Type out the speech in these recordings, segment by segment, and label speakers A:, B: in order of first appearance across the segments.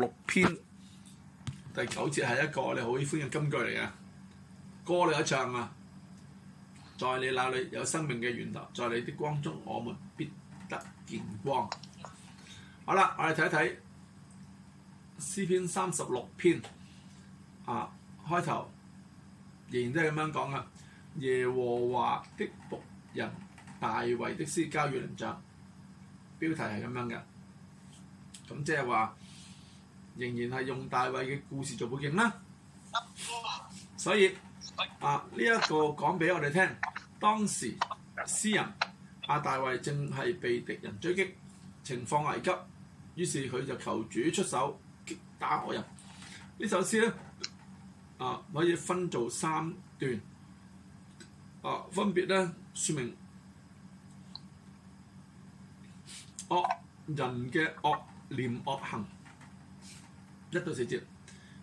A: 六篇第九節係一個你好喜歡嘅金句嚟嘅，歌你一唱啊！在你那裏有生命嘅源頭，在你的光中，我們必得見光。好啦，我哋睇一睇詩篇三十六篇啊，開頭仍然都係咁樣講啊：「耶和華的僕人，大衛的詩交與伶長」。標題係咁樣嘅，咁、啊、即係話。仍然係用大衛嘅故事做背景啦，所以啊呢一、這個講俾我哋聽，當時詩人阿、啊、大衛正係被敵人追擊，情況危急，於是佢就求主出手擊打惡人。首詩呢首詩咧啊可以分做三段，啊分別咧説明惡、哦、人嘅惡念惡行。一到四節，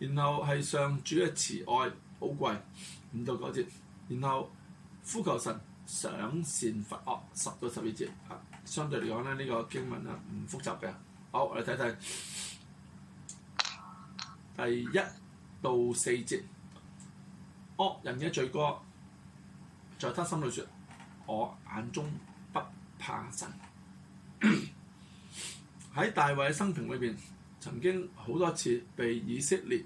A: 然後係上主嘅慈愛，好貴。五到九節，然後呼求神賞善罰惡。十到十二節、啊，相對嚟講咧，呢、這個經文咧唔複雜嘅。好，我哋睇睇第一到四節，惡、哦、人嘅罪過。在他心裡說，我眼中不怕神。喺 大衛生平裏邊。曾經好多次被以色列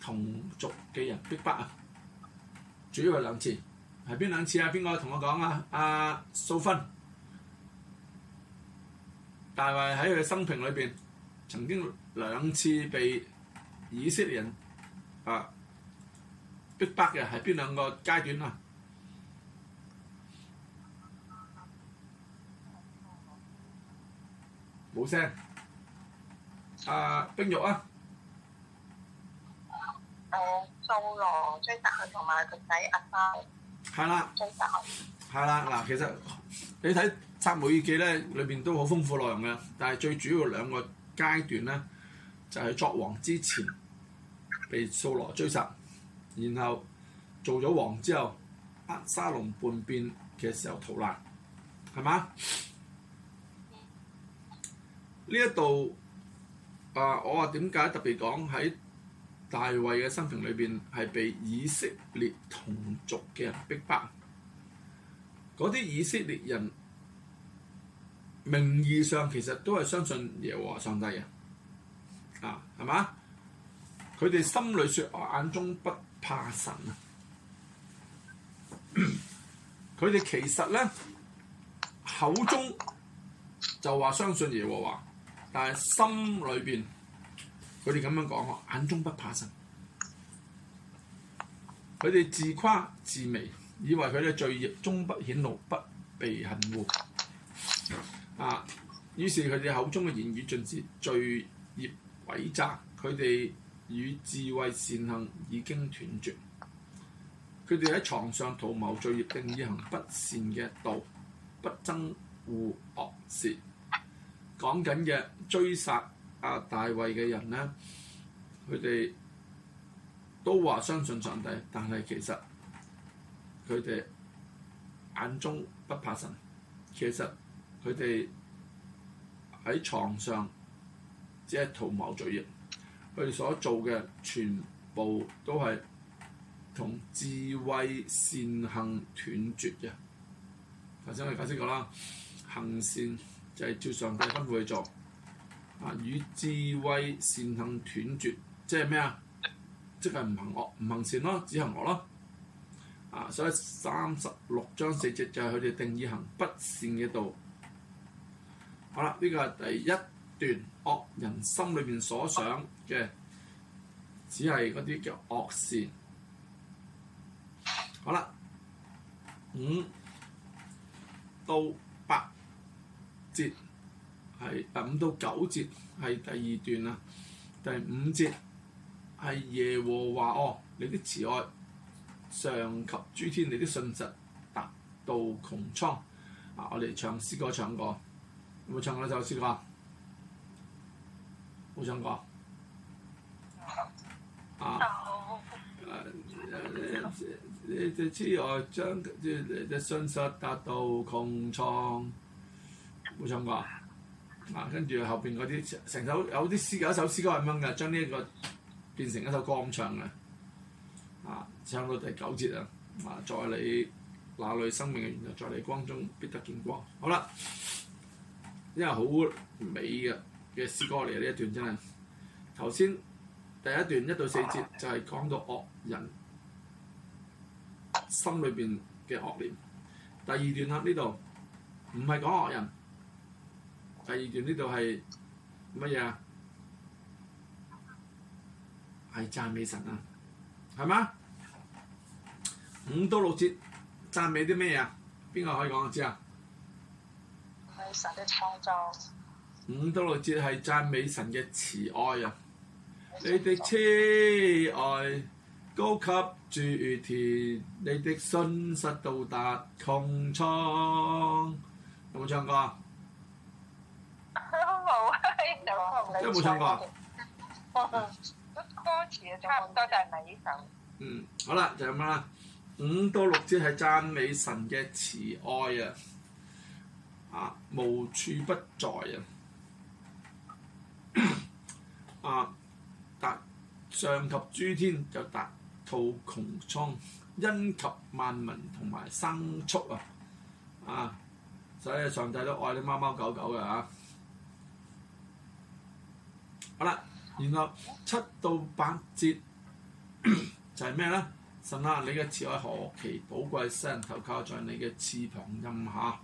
A: 同族嘅人逼迫啊！主要係兩次，係邊兩次啊？邊個同我講啊？阿蘇芬大衛喺佢生平裏邊曾經兩次被以色列人啊逼迫嘅，係邊兩個階段啊？冇聲。啊！Uh, 冰玉啊，誒、啊，掃羅追殺佢同埋個仔阿沙，係啦，追殺，係啦，嗱、 啊，其實你睇《撒母耳記》咧，裏邊都好豐富內容嘅，但係最主要兩個階段咧，就係、是、作王之前被掃羅追殺，然後做咗王之後，押沙龍叛變嘅時候逃難，係嘛？呢一度。 啊！我話點解特別講喺大衛嘅生平裏邊係被以色列同族嘅人逼迫？嗰啲以色列人名義上其實都係相信耶和華上帝嘅，啊係嘛？佢哋心裏說我眼中不怕神啊！佢哋其實咧口中就話相信耶和華。但係心裏邊，佢哋咁樣講，眼中不怕神。佢哋自誇自微，以為佢哋罪孽終不顯露，不被恨惡。啊！於是佢哋口中嘅言語盡是罪孽詭詐，佢哋與智慧善行已經斷絕。佢哋喺床上圖謀罪孽，定意行不善嘅道，不憎惡惡事。講緊嘅追殺阿大衛嘅人咧，佢哋都話相信上帝，但係其實佢哋眼中不怕神。其實佢哋喺床上只係圖謀罪惡，佢哋所做嘅全部都係同智慧善行斷絕嘅。頭先我哋解先講啦，行善。就係照上帝吩咐去做，啊與智慧善行斷絕，即係咩啊？即係唔行惡，唔行善咯，只行惡咯，啊！所以三十六章四節就係佢哋定義行不善嘅道。好啦，呢個係第一段惡人心裏邊所想嘅，只係嗰啲叫惡善。好啦，五到節係啊五到九節係第二段啦，第五節係耶和華哦，你的慈愛上及諸天，你的信實達到穹蒼啊！我哋唱詩歌，唱，歌，唱，歌有有唱，過唱過，有冇唱過啊？呢首詩歌，冇唱過啊！誒誒誒，你啲慈愛將即係你啲信實達到穹蒼。冇唱過啊！啊，跟住後邊嗰啲成首有啲詩，有一首詩歌係咁樣嘅，將呢一個變成一首歌咁唱嘅啊！唱到第九節啊！啊，在你那裏生命嘅源頭，在你光中必得見光。好啦，因為好美嘅嘅詩歌嚟。呢一段真係頭先第一段一到四節就係講到惡人心裏邊嘅惡念，第二段啦，呢度唔係講惡人。第二段呢度係乜嘢啊？係讚美神啊，係嘛？五到六節讚美啲咩嘢啊？邊個可以講我知啊？神的創造。五到六節係讚美神嘅慈愛啊！的愛你的慈愛高及諸天，你的信實到達穹蒼，有冇唱歌啊？有冇唱過，歌詞啊，差唔多就係呢首。嗯，好啦，就咁啦。五到六節係讚美神嘅慈愛啊，啊，無處不在啊。啊，達上及諸天就達到穹蒼，恩及萬民同埋牲畜啊，啊，所以上帝都愛啲貓貓狗狗嘅啊。好啦，然後七到八節就係咩咧？神啊，你嘅慈愛何其寶貴，世人投靠在你嘅翅膀蔭下，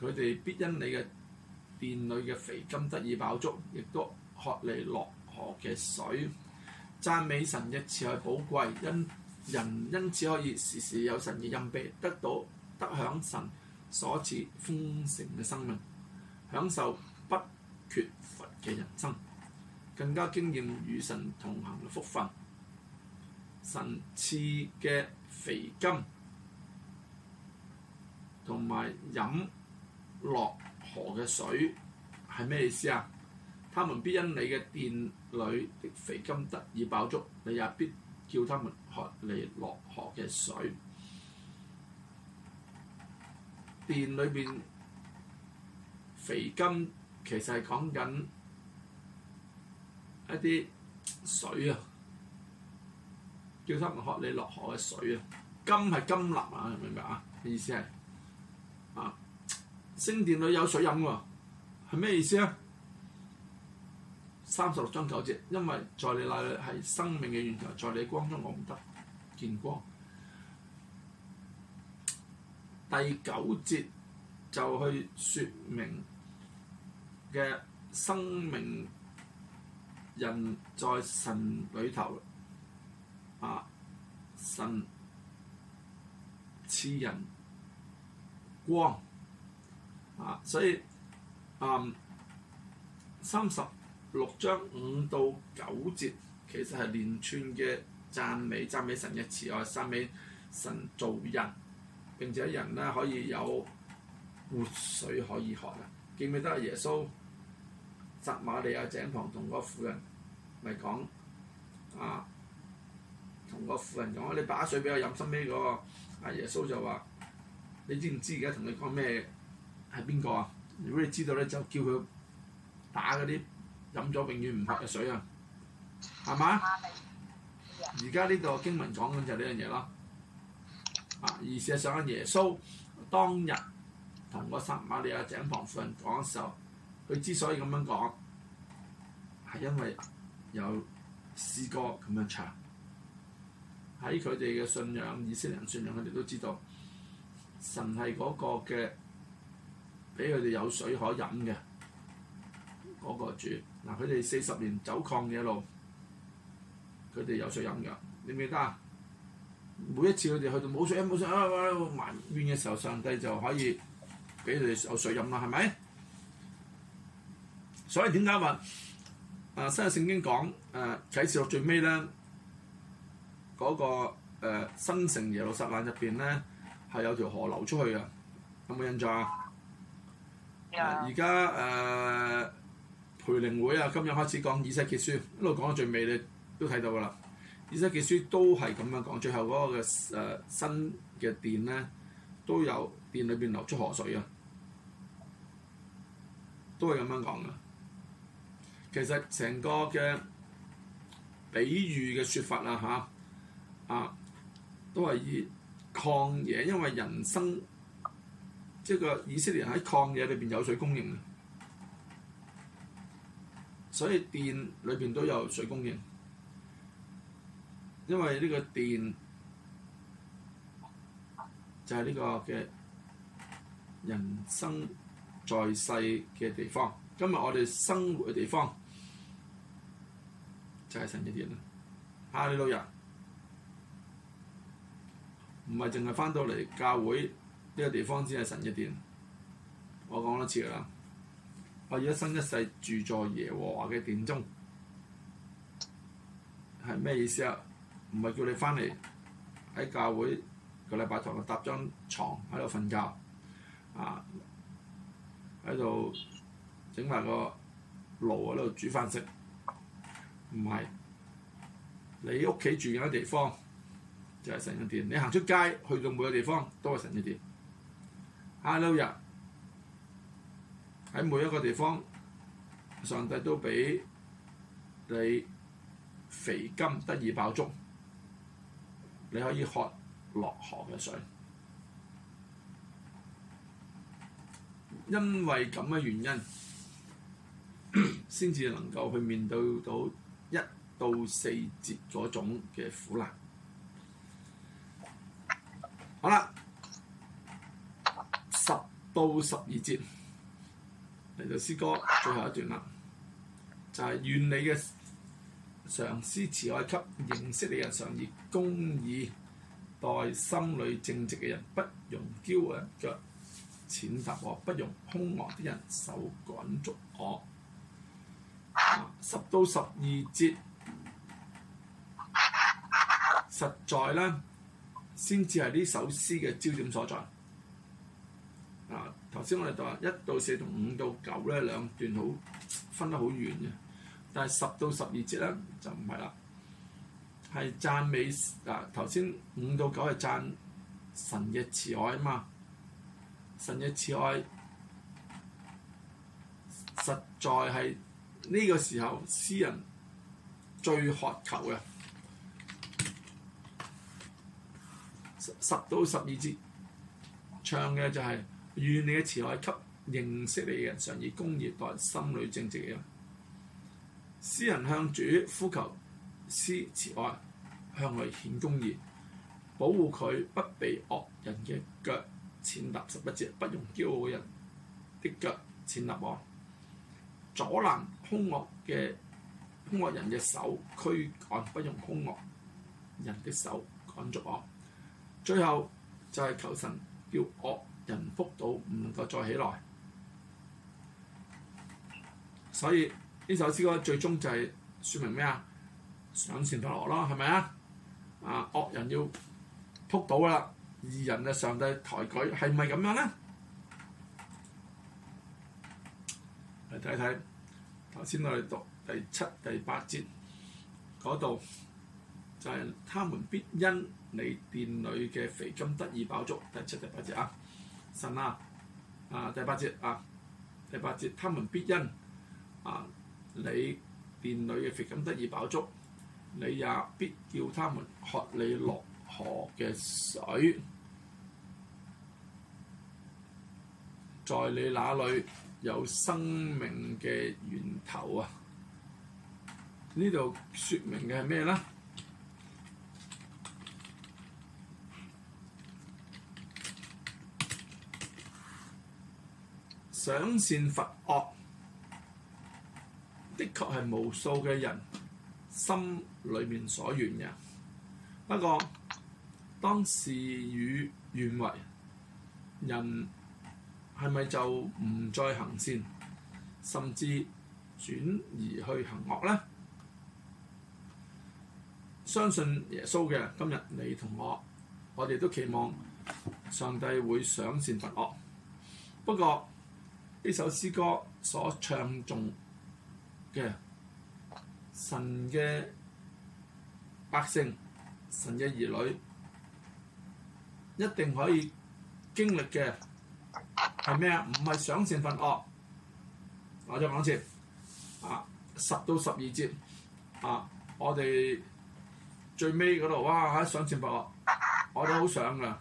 A: 佢哋必因你嘅殿裏嘅肥甘得以飽足，亦都喝你落河嘅水。讚美神嘅慈愛寶貴，因人因此可以時時有神嘅蔭庇，得到得享神所賜豐盛嘅生命，享受不缺乏嘅人生。更加經驗與神同行嘅福分，神賜嘅肥甘同埋飲樂河嘅水係咩意思啊？他們必因你嘅殿裏的肥甘得以飽足，你也必叫他們喝你樂河嘅水。殿裏邊肥甘其實係講緊。一啲水啊，叫他們喝你落河嘅水啊，金係金立啊，明唔明白啊？意思係啊，升殿裏有水飲喎、啊，係咩意思啊？三十六章九節，因為在你那裏係生命嘅源頭，在你光中我唔得見光。第九節就去說明嘅生命。人在神裏頭，啊，神賜人光，啊，所以，嗯，三十六章五到九節其實係連串嘅讚美，讚美神嘅慈愛，啊，讚美神造人，並且人咧可以有活水可以喝啊！記唔記得耶穌？撒瑪利亞井旁同個婦人咪講啊，同個婦人講：你把水俾我飲心、啊，收尾嗰個耶穌就話：你知唔知而家同你講咩？係邊個啊？如果你知道咧，就叫佢打嗰啲飲咗永遠唔喝嘅水啊，係嘛？而家呢度經文講緊就呢樣嘢咯。啊，而事實上阿耶穌當日同個撒瑪利亞井旁婦人講嘅時候。佢之所以咁樣講，係因為有詩歌咁樣唱，喺佢哋嘅信仰，以色列人信仰，佢哋都知道神係嗰個嘅，俾佢哋有水可飲嘅嗰個主。嗱，佢哋四十年走曠嘅一路，佢哋有水飲嘅，你唔記得啊？每一次佢哋去到冇水、冇水啊，埋怨嘅時候，上帝就可以俾佢哋有水飲啦，係咪？所以點解話？啊，新約聖經講，誒、呃，啟示錄最尾咧，嗰、那個、呃、新城耶路撒冷入邊咧，係有條河流出去嘅，有冇印象 Yeah. 啊？而家誒培靈會啊，今日開始講以西結書，一路講到最尾你都睇到噶啦。以西結書都係咁樣講，最後嗰個嘅誒、呃、新嘅殿咧，都有殿裏邊流出河水啊，都係咁樣講噶。其實成個嘅比喻嘅説法啦，嚇啊，啊，都係以曠野，因為人生即係、這個以色列喺曠野裏邊有水供應嘅，所以殿裏邊都有水供應。因為呢個殿就係呢個嘅人生在世嘅地方，今日我哋生活嘅地方。就係神嘅殿啦！啊，你老人唔係淨係翻到嚟教會呢個地方先係神嘅殿。我講多次啦，我一生一世住在耶和華嘅殿中，係咩意思啊？唔係叫你翻嚟喺教會個禮拜堂度搭張床喺度瞓覺啊，喺度整埋個爐喺度煮飯食。唔係，你屋企住嘅地方就係神嘅殿，你行出街去到每個地方都係神嘅殿。哈利路亞！喺每一個地方，上帝都俾你肥甘得以飽足，你可以喝落河嘅水，因為咁嘅原因，先至 能夠去面對到。到四節嗰種嘅苦難，好啦，十到十二節嚟到詩歌最後一段啦，就係願你嘅常施慈愛給認識你嘅人，常以公義待心裡正直嘅人，不容驕傲嘅腳踐踏我，不容兇惡啲人手趕逐我。十到十二節。實在咧，先至係呢首詩嘅焦點所在。啊，頭先我哋就話一到四同五到九咧兩段好分得好遠嘅，但係十到十二節咧就唔係啦，係讚美啊，頭先五到九係讚神嘅慈愛啊嘛，神嘅慈愛實在係呢個時候詩人最渴求嘅。十,十到十二節唱嘅就係、是、願你嘅慈愛給認識你嘅人，常以公義待心裏正直嘅人，詩人向主呼求施慈愛，向外顯公義，保護佢不被惡人嘅腳踐踏。十一節，不用驕傲嘅人的腳踐踏我，阻攔兇惡嘅兇惡人嘅手驅趕，不用兇惡人嘅手趕逐我。最後就係求神叫惡人覆倒，唔能夠再起來。所以呢首詩歌最終就係説明咩啊？上善不惡啦，係咪啊？啊，惡人要覆倒啦，義人呢上帝抬舉，係咪咁樣咧？嚟睇睇頭先我哋讀第七、第八節嗰度，就係他們必因。你殿裏嘅肥金得以飽足，第七第八節啊！神啊，啊第八節啊，第八節，他們必因啊你殿裏嘅肥金得以飽足，你也必叫他們喝你落河嘅水，在你那裏有生命嘅源頭啊！說呢度説明嘅係咩咧？賞善罰惡，的確係無數嘅人心裏面所願嘅。不過，當事與願違，人係咪就唔再行善，甚至轉而去行惡咧？相信耶穌嘅今日你同我，我哋都期望上帝會賞善罰惡。不過，呢首詩歌所唱頌嘅神嘅百姓、神嘅兒女，一定可以經歷嘅係咩啊？唔係賞善罰惡，我再講一次啊，十到十二節啊，我哋最尾嗰度哇！喺賞善罰惡，我都好想噶，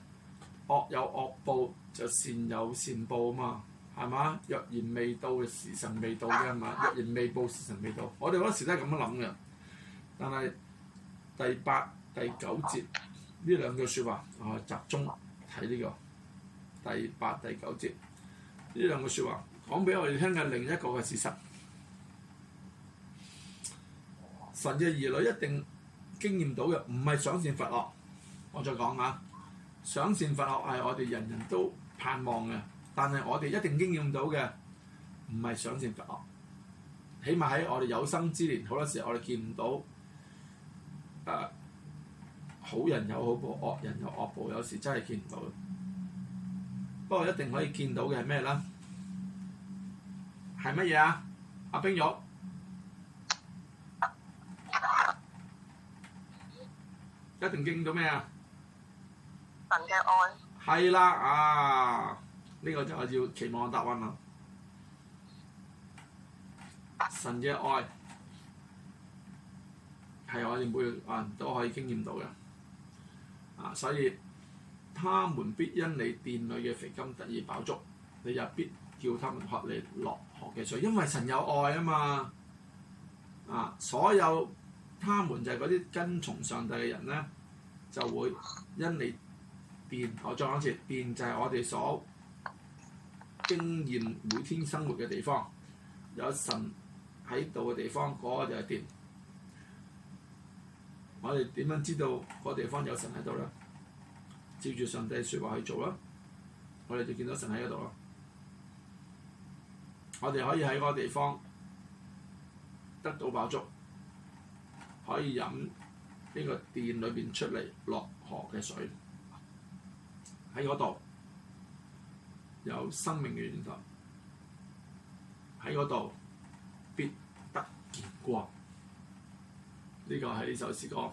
A: 惡有惡報，就善有善報啊嘛～係嘛？若然未到嘅時辰未到嘅係嘛？若然未報時辰未到，我哋嗰時都係咁樣諗嘅。但係第八、第九節呢兩句説話，我集中睇呢個第八、第九節呢兩句説話，講俾我哋聽嘅另一個嘅事實。神嘅兒女一定經驗到嘅，唔係賞善罰惡。我再講啊，賞善罰惡係我哋人人都盼望嘅。但係我哋一定經驗到嘅，唔係想象得惡。起碼喺我哋有生之年，好多時我哋見唔到，誒，好人有好報，惡人有惡報，有時真係見唔到。不過一定可以見到嘅係咩啦？係乜嘢啊？阿冰玉，一定經驗到咩啊？神嘅愛。係啦，啊！呢個就係要期望嘅答案啦。神嘅愛係我哋每個人都可以經驗到嘅。啊，所以他們必因你殿裏嘅肥甘得以飽足，你又必叫他們喝你樂河嘅水，因為神有愛啊嘛。啊，所有他們就係嗰啲跟從上帝嘅人咧，就會因你殿。我再講一次，殿就係我哋所經驗每天生活嘅地方，有神喺度嘅地方，嗰、那個就係殿。我哋點樣知道嗰個地方有神喺度咧？照住上帝嘅說話去做啦，我哋就見到神喺嗰度啦。我哋可以喺嗰個地方得到飽足，可以飲呢個殿裏邊出嚟落河嘅水喺嗰度。有生命嘅源頭喺嗰度，必得見光。呢、這個係呢首詩歌，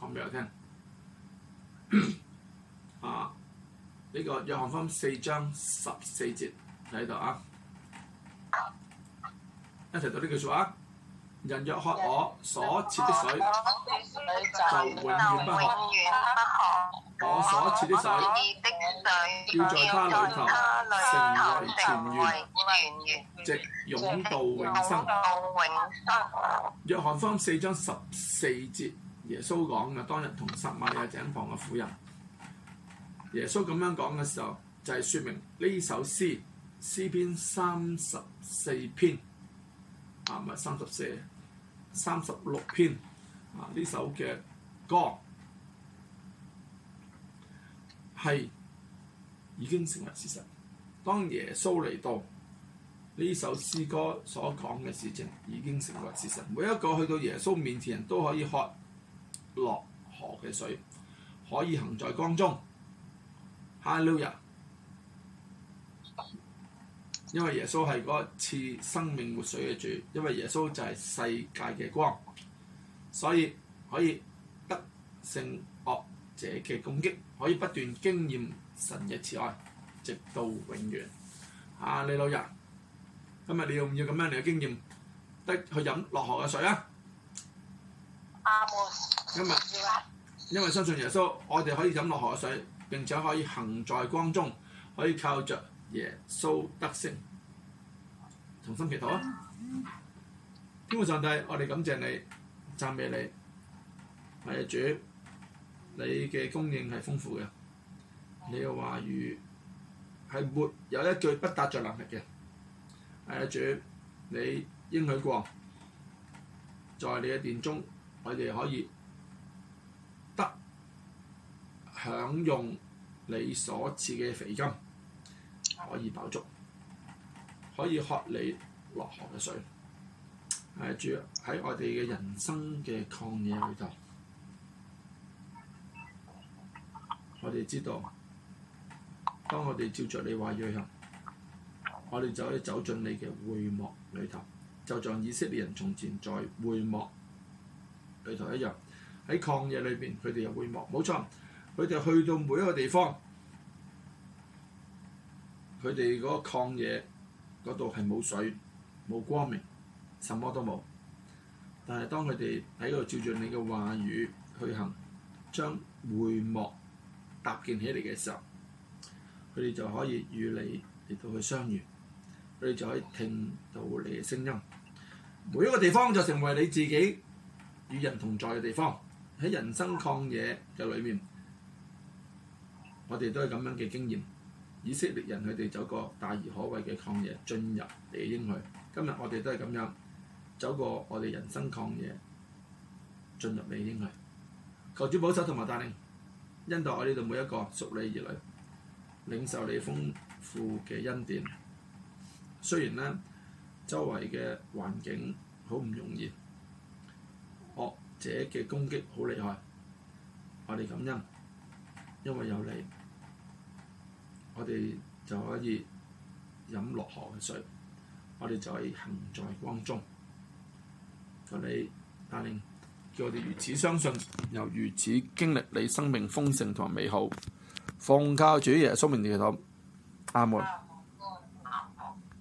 A: 講俾我聽。 啊，呢、這個約翰福音四章十四節睇度啊，一齊讀呢句說話啊！人若喝我所賜的，人的水，就永遠不渴。我所賜的水，要在他裏頭成為泉源，泉源直湧到永生。約翰福音四章十四節，耶穌講嘅當日同撒馬利亞井旁嘅婦人，耶穌咁樣講嘅時候，就係、是、說明呢首詩，詩篇三十四篇啊，唔係三十四，三十六篇啊呢首嘅歌。係已經成為事實。當耶穌嚟到，呢首詩歌所講嘅事情已經成為事實。每一個去到耶穌面前人都可以喝落河嘅水，可以行在光中。哈利路亞！因為耶穌係嗰次生命活水嘅主，因為耶穌就係世界嘅光，所以可以得勝惡者嘅攻擊，可以不斷經驗神嘅慈愛，直到永遠。啊，李老人，今日你要唔要咁樣嚟經驗，得去飲落河嘅水啊？阿今日，因為相信耶穌，我哋可以飲落河嘅水，並且可以行在光中，可以靠着耶穌得勝。同心祈禱啊！天父上帝，我哋感謝你，讚美你，阿耶主，你嘅供應係豐富嘅，你嘅話語係沒有一句不達着能力嘅。哎呀主，你應許過，在你嘅殿中，我哋可以得享用你所賜嘅肥甘，可以飽足，可以喝你落河嘅水。哎呀主，喺我哋嘅人生嘅曠野裏頭。我哋知道，當我哋照着你話去行，我哋就可以走進你嘅會幕裏頭，就像以色列人從前在會幕裏頭一樣。喺曠野裏邊，佢哋有會幕，冇錯。佢哋去到每一個地方，佢哋嗰曠野嗰度係冇水、冇光明、什麼都冇。但係當佢哋喺度照着你嘅話語去行，將會幕。搭建起嚟嘅時候，佢哋就可以與你嚟到去相遇，佢哋就可以聽到你嘅聲音。每一個地方就成為你自己與人同在嘅地方。喺人生曠野嘅裏面，我哋都係咁樣嘅經驗。以色列人佢哋走過大而可畏嘅曠野進入你應許。今日我哋都係咁樣走過我哋人生曠野進入你應許。求主保守同埋帶領。恩待我呢度每一個屬你兒女，領受你豐富嘅恩典。雖然呢，周圍嘅環境好唔容易，惡者嘅攻擊好厲害，我哋感恩，因為有你，我哋就可以飲落河嘅水，我哋就可以行在光中。我哋阿玲。我哋如此相信，又如此經歷你生命豐盛同埋美好，奉靠主耶穌名，你哋禱，阿門。